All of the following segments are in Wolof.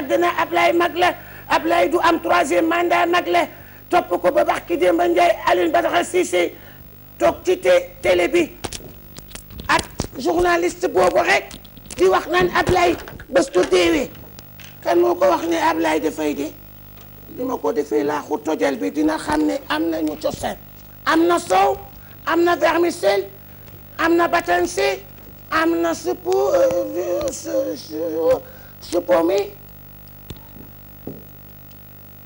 yàgg na Ablaye mag la Ablaye du am troisième mandat mag la topp ko ba bax ki démba Ndiaye Alioune Badara Cissé toog ci té télé bi ak journaliste boobu rek di wax naan Ablaye bés tu deewee kan moo ko wax ne Ablaye dafay dee li ma ko defee laaxu tojal bi dina xam ne am nañu cosaan am na soow am na vermicelle am na batanse am na suppu suppo mi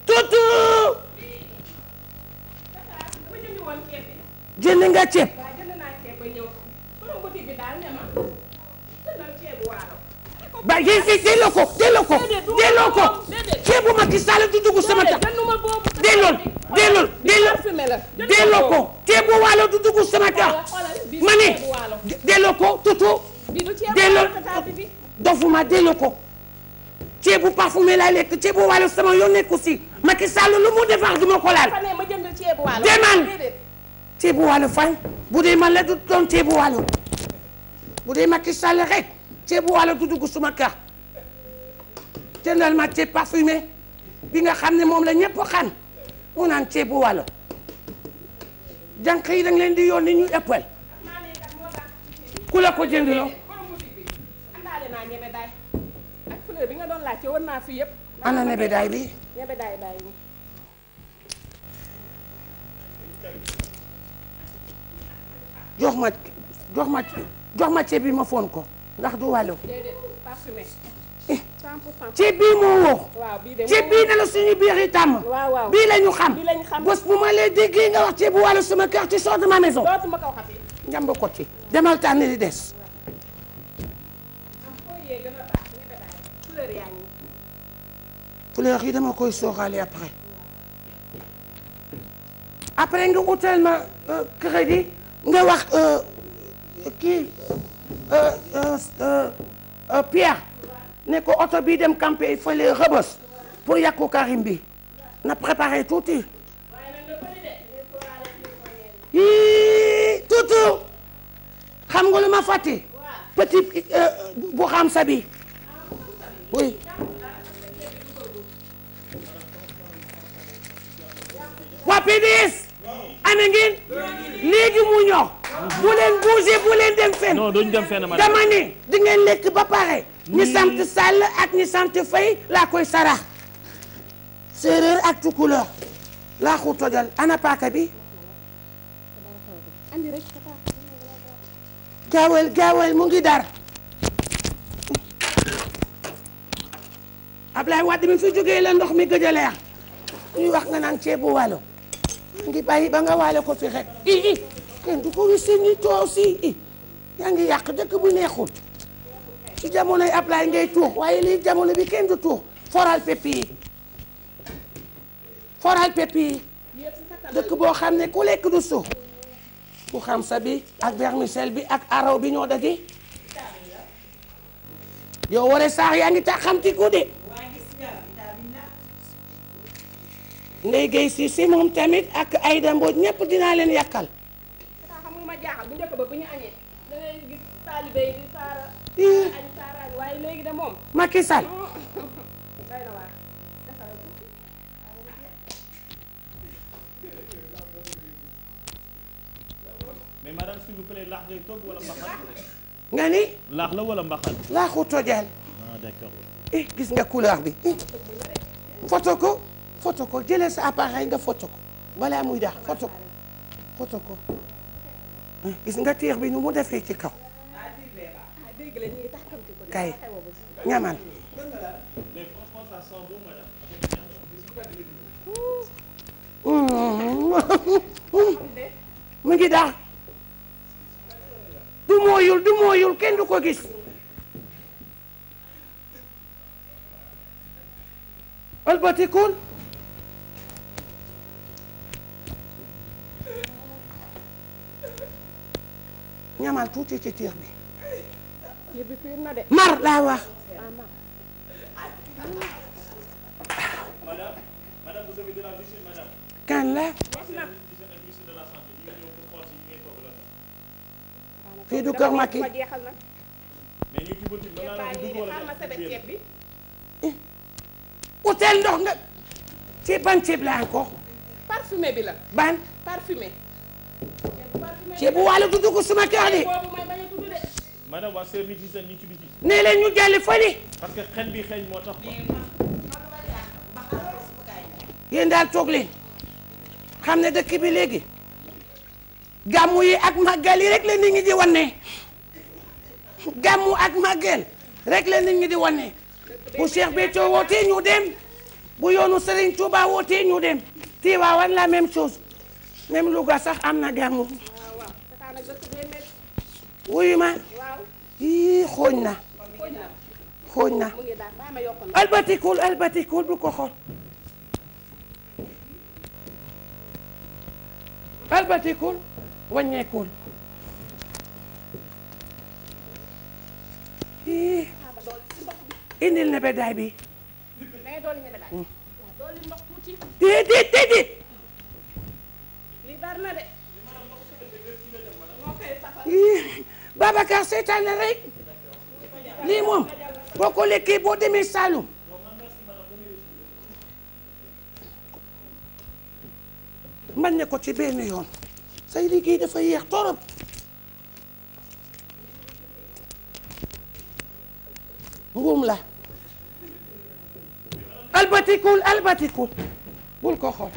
tuutu jënd nga ceeb ba yéen fii delloo ko delloo ko delloo ko ceebu Macky Sall di dugg sama tax delloo delloo delloo delloo ko ceebu waalo du dugg sama tax ma ne delloo ko tuutu dofuma delloo ko. bu parfumé lay lekk ceebu waalo sama yoon nekku si Macky Sall lu mu defar du ma ko laal demal ceebu waalo fay bu dee ma la du doon ceebu waalo bu dee Macky Sall rek ceebu waalo du dugg suma kër jëndal ma ceeb parfumé bi nga xam ne moom la ñëpp xam mu naan ceebu waalo jànq yi dañ leen di yónni ñu ëppal ku la ko jëndiloo fleur bi nga doon laajte woon naa fi yëpp. ana nebedaay bi nebedaay baay bi. jox ma jox ma jox ma ceeb bi ma foon ko ndax du wàllu. déedéet parfumé. 100% eh. ceeb bii moo woo. bii de moo ceeb bii ne la suñu biir yi tàmm. waaw waaw bii lañu xam. bii la ñu xam bés bu ma lay déggee nga wax ceeb bu wàllu sama kër ci sort de ma maison. dootuma ko waxati. njàmb ci demal tànn li des. fleur yi dama koy sooxaale après après nga utal ma crédit nga wax kii Pierre ne ko oto bii dem campé fële rëbës pour yàqu Karim bi na préparé tuuti yii tuuti xam nga lu ma fàtte petit euh, euh, bu xam sa bi oui waa PDS ana ngeen léegi mu ñor bu leen bougé bu leen dem fenn dama ne di ngeen lekk ba pare ñi sant Sall ak ñi sant Faye laa koy sarax séeréer ak tukulóor laa ko tojal ana paaka bi gaawal gaawal mu ngi dar Ablaye Wade mi fi jógee la ndox mi gëj a ñuy wax nga naan ceebu walo ngi bàyyi ba nga waale ko fi rek i i kenn du ko wis ni toow si yaa ngi yàq dëkk bu neexul ci jamonoy Ablaye ngay tuux waaye lii jamono bi kenn du tuux foral pepp yi foral pepp yi dëkk boo xam ne ku lekk du suux ku xam sa bi ak vermicelle bi ak araw bi ñoo dagi yow wara saax yaa ngi tax xam ti ko Ndeye Guèye Cissé moom tamit ak Aïda Mbodj ñëpp dinaa leen yàqal. xam nga ma jaaxal bu njëkk ba bu moom. Macky Sall. mais madame la wala mbaxal. laaxu tojal. ah d'accord. eh gis nga couleur bi. photo ko. photo ko jëlee sa appareil nga foto ko balaa muy daax photo ko photo ko gis nga téex bi nu mu defee ci kaw kay ñamal mu ngi daax du mooyul du mooyul kenn du ko gis ëlbatikul ñamal tuuti ci tiir bi mar laa wax kan la fii du kër Macky utel eh, ndox nga ci ban ceeb la encore parfumé bi la ban parfumé bu waalo du dugg sama kër de. madame waa service d'hygiène ñu ci biti. nee leen ñu jàll fële. parce que xel bi xeeñ moo tax daal toog leen xam ne dëkk bi léegi gàmmu yi ak màggal yi rek la nit ñi di wane gàmmu ak màggal rek la nit ñi di wane bu Cheikh Béthio wootee ñu dem bu yoonu Serigne Touba wootee ñu dem Tivaouane la même chose même Louga sax am na gàmmu. wuyu ma yii xooñ na xooñ na albatikul albatikul bu ko xool albatikul wàññeekul yii indil nebedaay bi déedéet déedéet yii Babacar seetaan na rek lii moom boo ko lekkee boo demee Saloum man ne ko ci benn yoon say liggéey dafa yéex torop mbuum la albatikul albatikul bul ko xool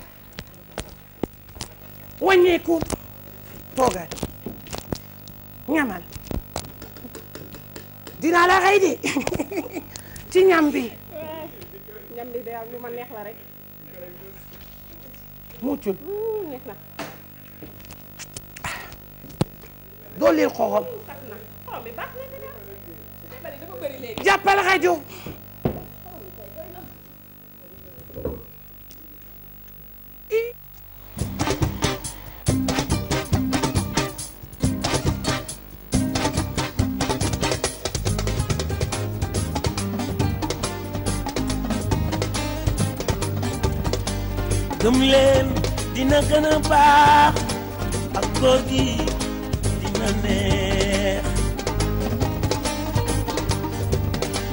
wàññeekul toogaat ñamal dinaa la xëy di ci ñam bi. ñam bi daal lu ma neex la rek. muccul. neex xoxom. jàppal xaju leen dina gën a baax ak góor gi dina neex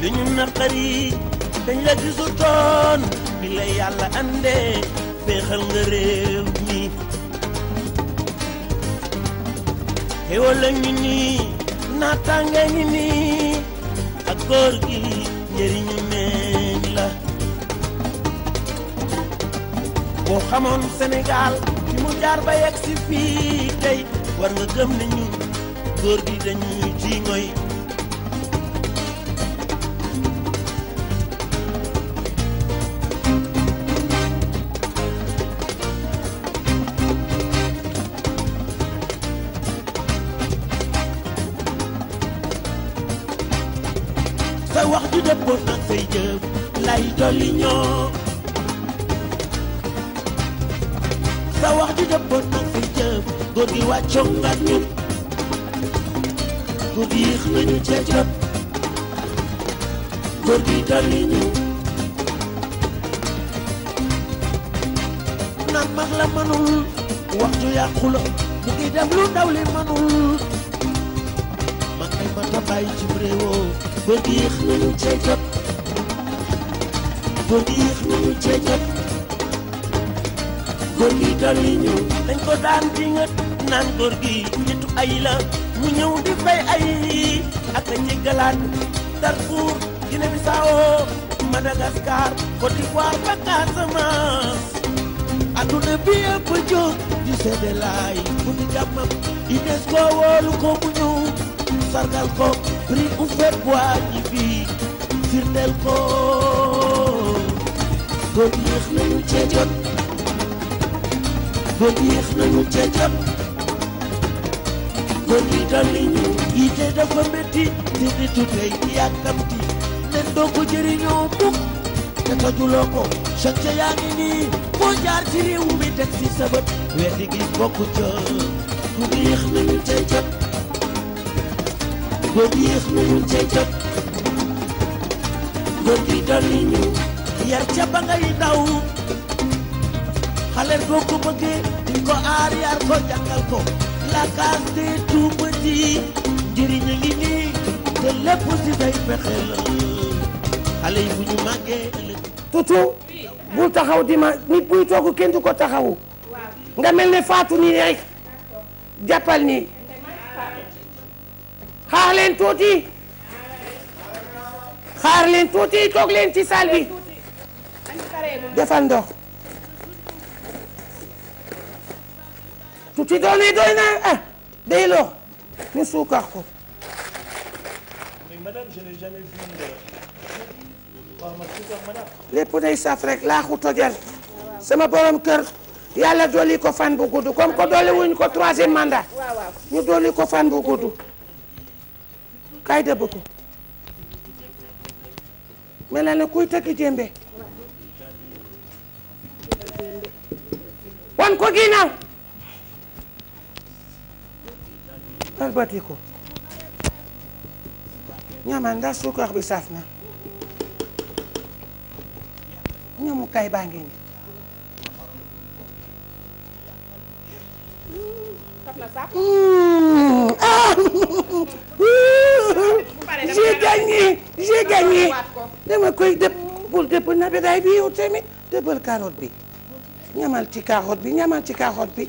li ñu naqari dañ la gisutoon bi la yàlla andee féexal nga réew mi xéwal la nii naataange ñu nii ak góor gi njëriñu boo xamoon Sénégal fi mu jaar ba yegg si fii tey war nga gëm ne ñu góor gi dañuy ci ngoy cong nga ñun bu biix nañu ca jot góor gi dali ñu naan mag la manul wax ju yàqu la mu ngi def lu ndaw li manul mag ay mata bàyyi ci réewoo góor gi yéex nañu ca jot góor gi yéex nañu ca jot góor gi dali ñu dañ ko daan di ngët naan góor gi nitu ay la mu ñëw di fay ay ak a jéggalaat Darfour Guinée Bissau Madagascar Côte d'Ivoire ba Casamance adduna bi yëpp jóg di seede laay bu di jàmmam woolu ko mu ñëw sargal ko prix ouvert waa ji fii firndeel ko góor yéex nañu cee jot góor nañu cee góor gi dolli ñu yite dafa métti ci nitu di yàkkamti nen doo ko jëriñoo mukk te tojuloo ko sot ca yaa ngi nii foo jaar ci réew mi teg ci sa bët weddi gi bokk ca ku gi yéex nañu cay jot góor gi yéex nañu ca ba ngay ndaw xale boo ko di ko aar yar ko jàngal ko yaakaar te tuuma ci ngi nii te lépp ci day pexe la xale yi bu ñu màggee tutu bul taxaw dima ma nit buy togg kenn du ko taxawu nga mel ne faatu nii rek jàppal nii xaar leen tuuti xaar tuuti toog leen ci salle bi defal ndox tuuti doon yi doy na ah day lor ñu suukar ko. lépp day euh, saf rek laaxu tojal sama borom kër yàlla dolli ko fan bu gudd comme que dolli wuñ ko troisième mandat ñu dolli ko fan bu gudd kay dëbb ko mel na kuy tëgg jëmbe wan ko ginnaaw balbatiku ñaamaan suukar bi saaf na ñoomu kay baa ngi nii hmm. j'ai gagné j'ai gagné dama koy dëpp bul dëpp nabedaay bi yow tamit dëppal carotte bi ñamal ci karot bi ñamal ci carotte bi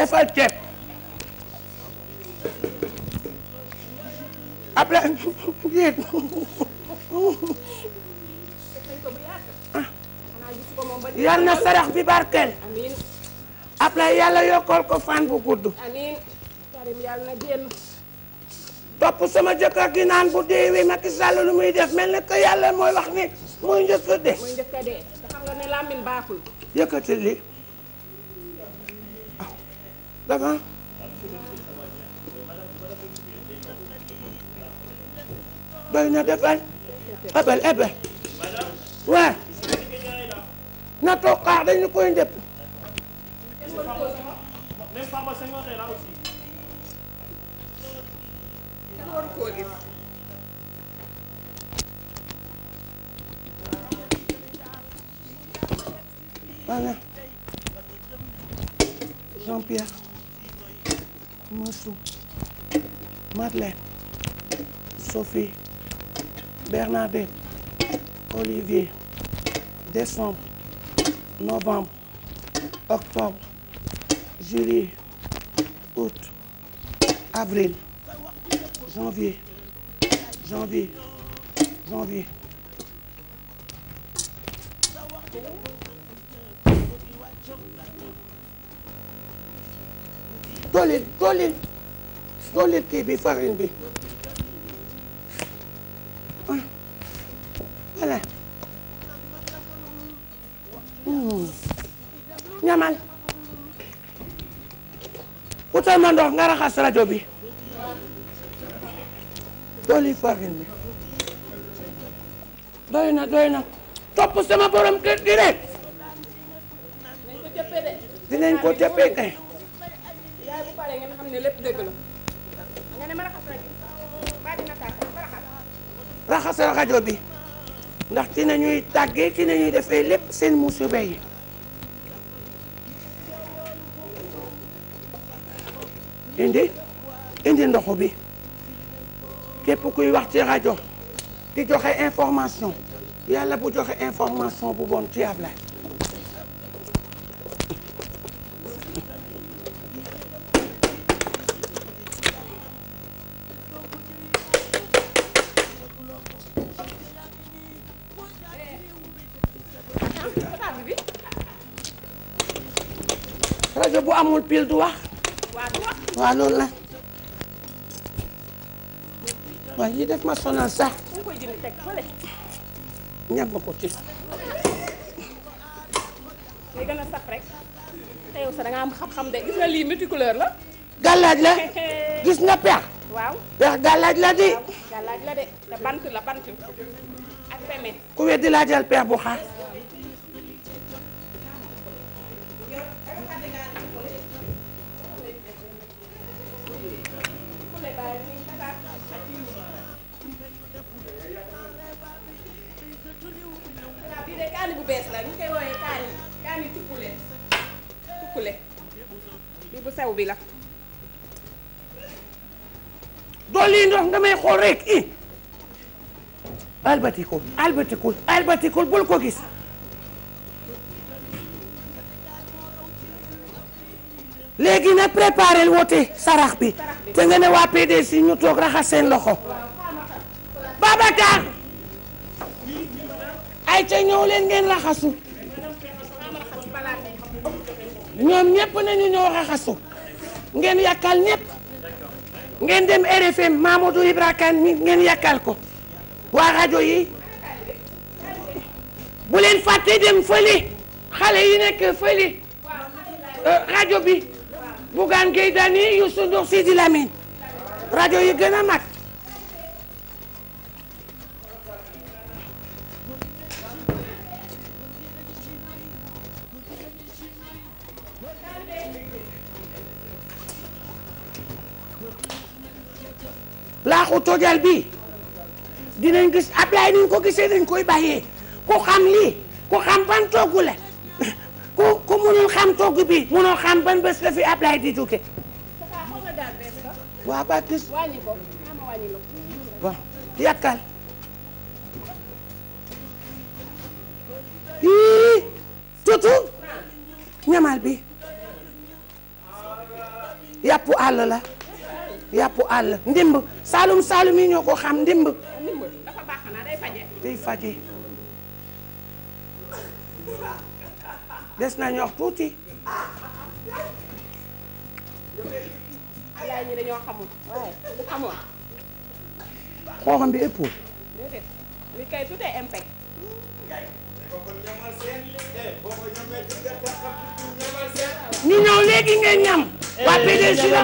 defal ceeb après jiit ah. yal na sarax bi barkeel après yàlla yokkal ko fan bu gudd topp sama jëkkër gi naan bu deewee Macky Sall lu muy def mel na que yàlla mooy wax ni muy njëkk a dee muy njëkk a d'avant. doy na defal abal abal waaw na toog xaar dañu koy njëpp. voilà jean Massou Madeleine Sophie Bernadette Olivier décembre novembre octobre juillet août avril janvier janvier janvier dooleel dooleel dooleel kii bi bi ah. voilà hmm. ñamal utal ma ndox nga raxas rajo bi dooli farine bi doy na doy na topp sama borom kër gi rek dinañ ko jëppee kay mu paree xam ne lépp dëgg la rajo bi ndax ci nañuy tàggee ci nañuy defee lépp seen musiba yi indi indi ndoxu bi képp kuy wax ci rajo di joxe information yàlla bu joxe information bu bon ci Ablaye amul pile du wax waaw loolu la waaye lii def ma sonal sax ñam ko ci day gën a sax rek te yow sax da nga am xam-xam de gis nga lii multicouleur la gàllaaj la gis nga pex waaw pex gàllaaj la di gàllaaj la de te bant la bant ak peme ku weddi laajal pex bu xaar kaani sew bi la dool ndox nga may xool rek i albatikul albatikul albatikul bul ko gis léegi nag préparé woote sarax bi te nga ne waa PDC ñu toog raxas seen loxo Babacar ay ca ñëw ngeen raxasu ñoom ñëpp nañu ñëw raxasu ngeen yàkkal ñépp ngeen dem RFM Mamadou Ibra Kane ngeen yàkkal ko waa rajo yi bu leen fàtte dem fële xale yi nekk fële euh, rajo bi Bougane Gueye Dany Youssou Ndour Sidi Lamine rajo yi gën a mag laaxu tojal bi dinañ gis Ablaye ni ñu ko gisee dañ koy bàyyee ku xam lii ku ban togg la ku ku mënul xam togg bi mënoo xam ban bés la fi Ablaye di waa ba gis waaw yàkkal yii tutu ñamal bi yàppu àll la yàppu àll ndimb saalum saalum yi ño ko xam ndimb dafa baax na day faje day faje bi ëpp li kay tout est ngeen ñam waa PDG la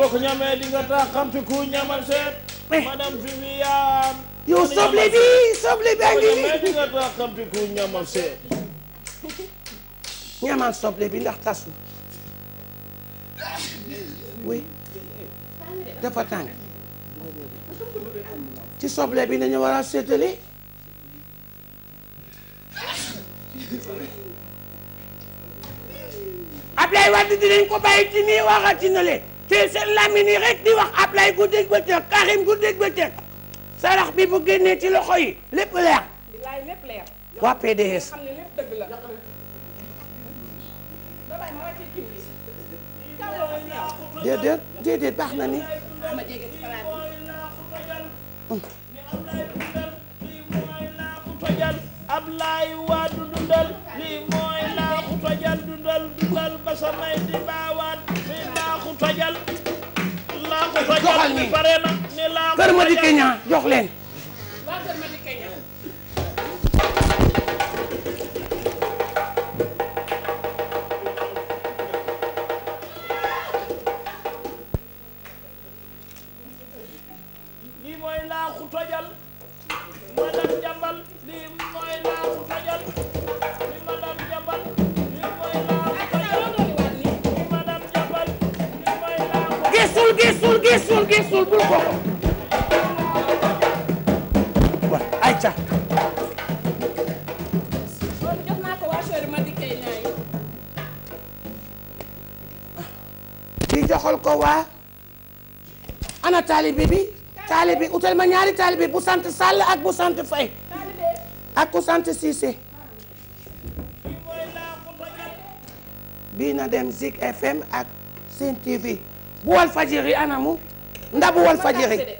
boo ko ñamee di nga tax xam te ku ñamal seet. Eh. madame Viviane. yow soble bi soble bi a ngi nii. boo ko ñamee di nga soble bi ndax tasu. oui. dafa tàng. ci soble bi nañu war a seetali. Ablaye Wade dinañ ko bàyyi ci nii tey seen làmmiñ yi rek di wax Ablaye guddeeg bëccëg Karim guddeeg bëccëg sarax bi bu génnee ci loxo yi lépp leer. bilaay waa PDS. déedéet déedéet baax na ni. Ablaye waa du dundal lii mooy laaxu fajal dundal dundal ba samay di baawaat fajal. laa ko fajal mi pare na ne laa ko fajal kër ma dikkee ñaa jox leen. taalibe bi taalibe utal ma ñaari taalibe bu sant Sall ak bu sant Faye ak ku sant Cissé bii na dem Zik FM ak Sen TV bu wal fajiri anamu ndabu wal fajiri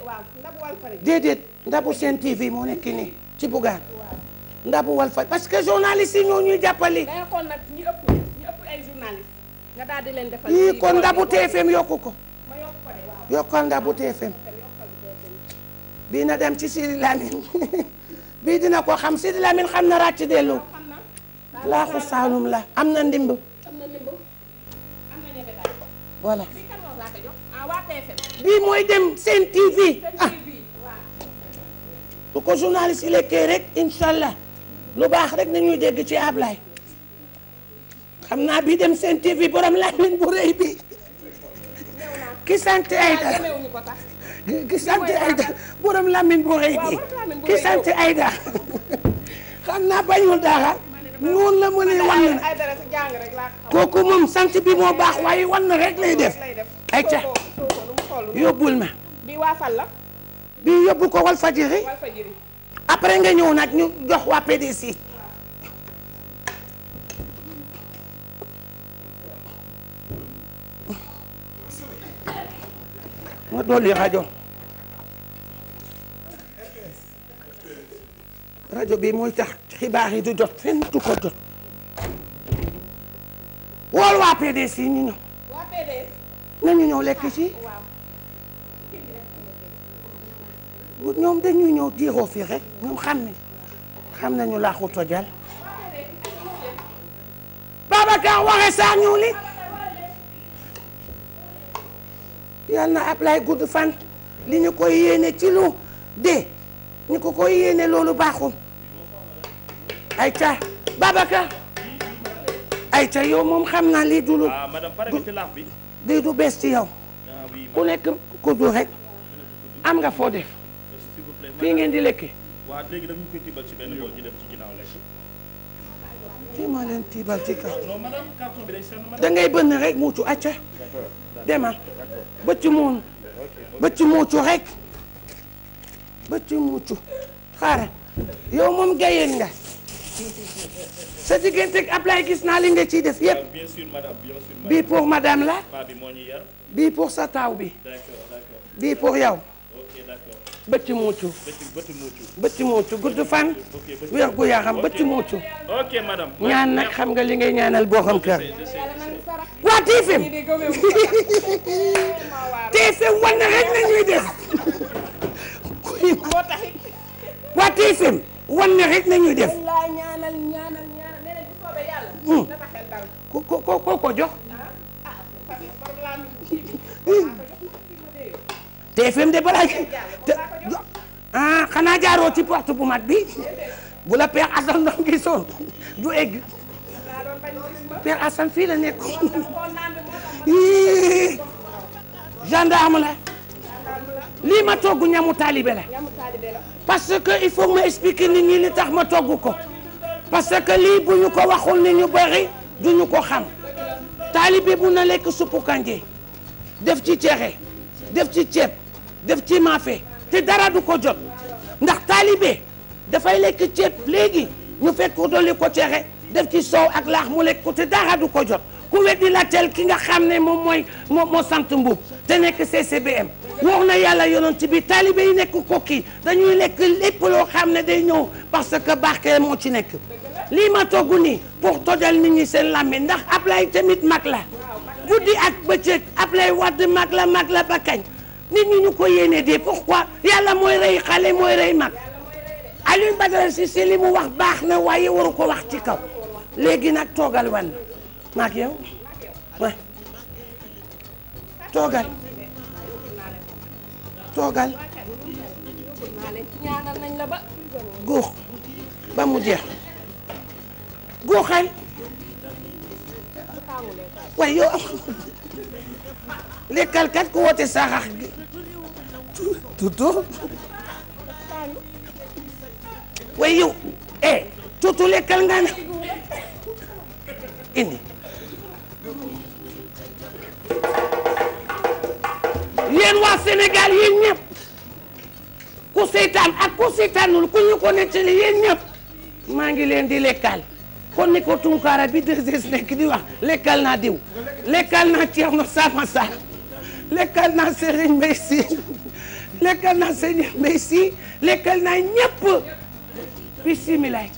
déedéet ndabu Sen TV moo nekk nii ci buggaan ndabu wal faj parce que journaliste yi ñoo ñuy jàppali. da nga kon nag ñi ëpp ñi ëpp leen defal. kon ndabu TFM yokku ko. yokkal nga bu TFM bii na dem ci Sidi bii dina ko xam Sidi Lamine xam na ràcc dellu laaxu saalum la am na ndimb voilà ah, bii mooy dem seen TV ah ko journaliste yi lekkee rek incha allah lu baax rek nañuy dégg ci Ablaye xam naa bii dem seen TV borom Lamine bu rëy bi ki sant Aïda ki sant Aïda borom Lamine bu rëy bi ki sant Aïda xam naa bañul dara noonu la mënee wan na kooku moom sant bi moo baax waaye wan na rek lay def ayca yóbbul ma bi waa fan la bi yóbbu ko Walfadjri après nga ñëw nag ñu jox waa PDC ma dolli rajo rajo bi mooy tax xibaar yi du jot fenn du ko jot wool waa PDS yi ñu ñëw nañu ñëw lekk ci ah, ñoom dañuy ñëw jiiroo fii rek ñoom xam ne xam nañu laaxu tojal waxe saa ñuuli yal na Ablaye gudd fan li ñu koy yéene ci lu dee ñu ko koy yéene loolu baaxul ay ca Babacar ay ca yow moom xam naa lii du lu lii ah, du bees ci yow ah, ku nekk kuddu rek am nga foo def fii ngeen di lekke waa léegi dañu koy ci benn bool ñu dem ci ginnaaw lekk kii maa leen tiibal ci carton da ngay bënn rek muucu acca demal ah. bëcc moonu bëcc muucu rek bëcc muucu xaaral yow moom gayeen nga sa digganteeg Ablaye gis naa li nga ciy def yépp bii pour madame la bii pour sa taaw bi bii pour yow bëcc muucu bëcc muucu gudd fan wér gu yaram bëcc muucu ñaan nag xam nga li ngay ñaanal borom kër waa TFM TFM wan na rek na ñuy def ko ko ko ko jox ah, ah, TFM de balaa ji ah xanaa jaaroo ci porte bu mag bi bu la Père Assane doon gisoon du egg Père Assane fii la nekk gendarme la lii ma togg ñamu taalibe la parce que il faut ma expliquer nit ñi li tax ma togg ko parce que lii bu ñu ko waxul ni ñu bëri du ñu ko xam taalibe bu na lekk suppu kanje def ci ceexe def ci ceeb def ci maafe te dara du ko jot ndax taalibe dafay lekk ceeb léegi ñu fekk ko dolli ko ceexe def ci soow ak laax mu lekk ko te dara du ko jot ku weddi la teel ki nga xam ne moom mooy moo sant mbuub te nekk CCBM wax na yàlla yonent bi taalibe yi ko kii dañuy lekk lépp loo xam ne day ñëw parce que barke moo ci nekk lii ma togg nii pour tojal nit ñi seen làmmi ndax Ablaye tamit mag la guddi ak bëccëg Ablaye Wàdd mag la mag la ba kañ nit ñi ñu ko yéene de pourquoi yàlla mooy rey xale mooy rey mag Alioune Badara Cissé li mu wax baax na waaye waru ko wax ci kaw léegi nag toogal wan ma ak yow wa toogal ba mu jeex góoxal waaye yow lekkal kat ku woote saaxax gi tutu way yow eh, tutu lekkal nga ne indi yéen waa Sénégal yéen ñëpp ku seytaan ak ku seytaanul ku ñu ko nettali yéen maa ngi leen di lekkal kon ni ko Tunkara bi 2S nekk di wax lekkal naa diw lekkal naa Thierno Sama Sall lekkal naa Serigne Mbaye Sy lekkal naa Serigne Mbaye Sy lekkal naa ñëpp bisimilah